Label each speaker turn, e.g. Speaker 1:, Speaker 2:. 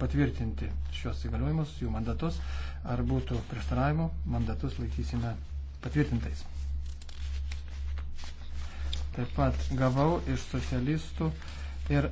Speaker 1: patvirtinti šios įgaliojimus, jų mandatus, ar būtų prieštaravimų, mandatus laikysime patvirtintais. Taip pat
Speaker 2: gavau iš socialistų ir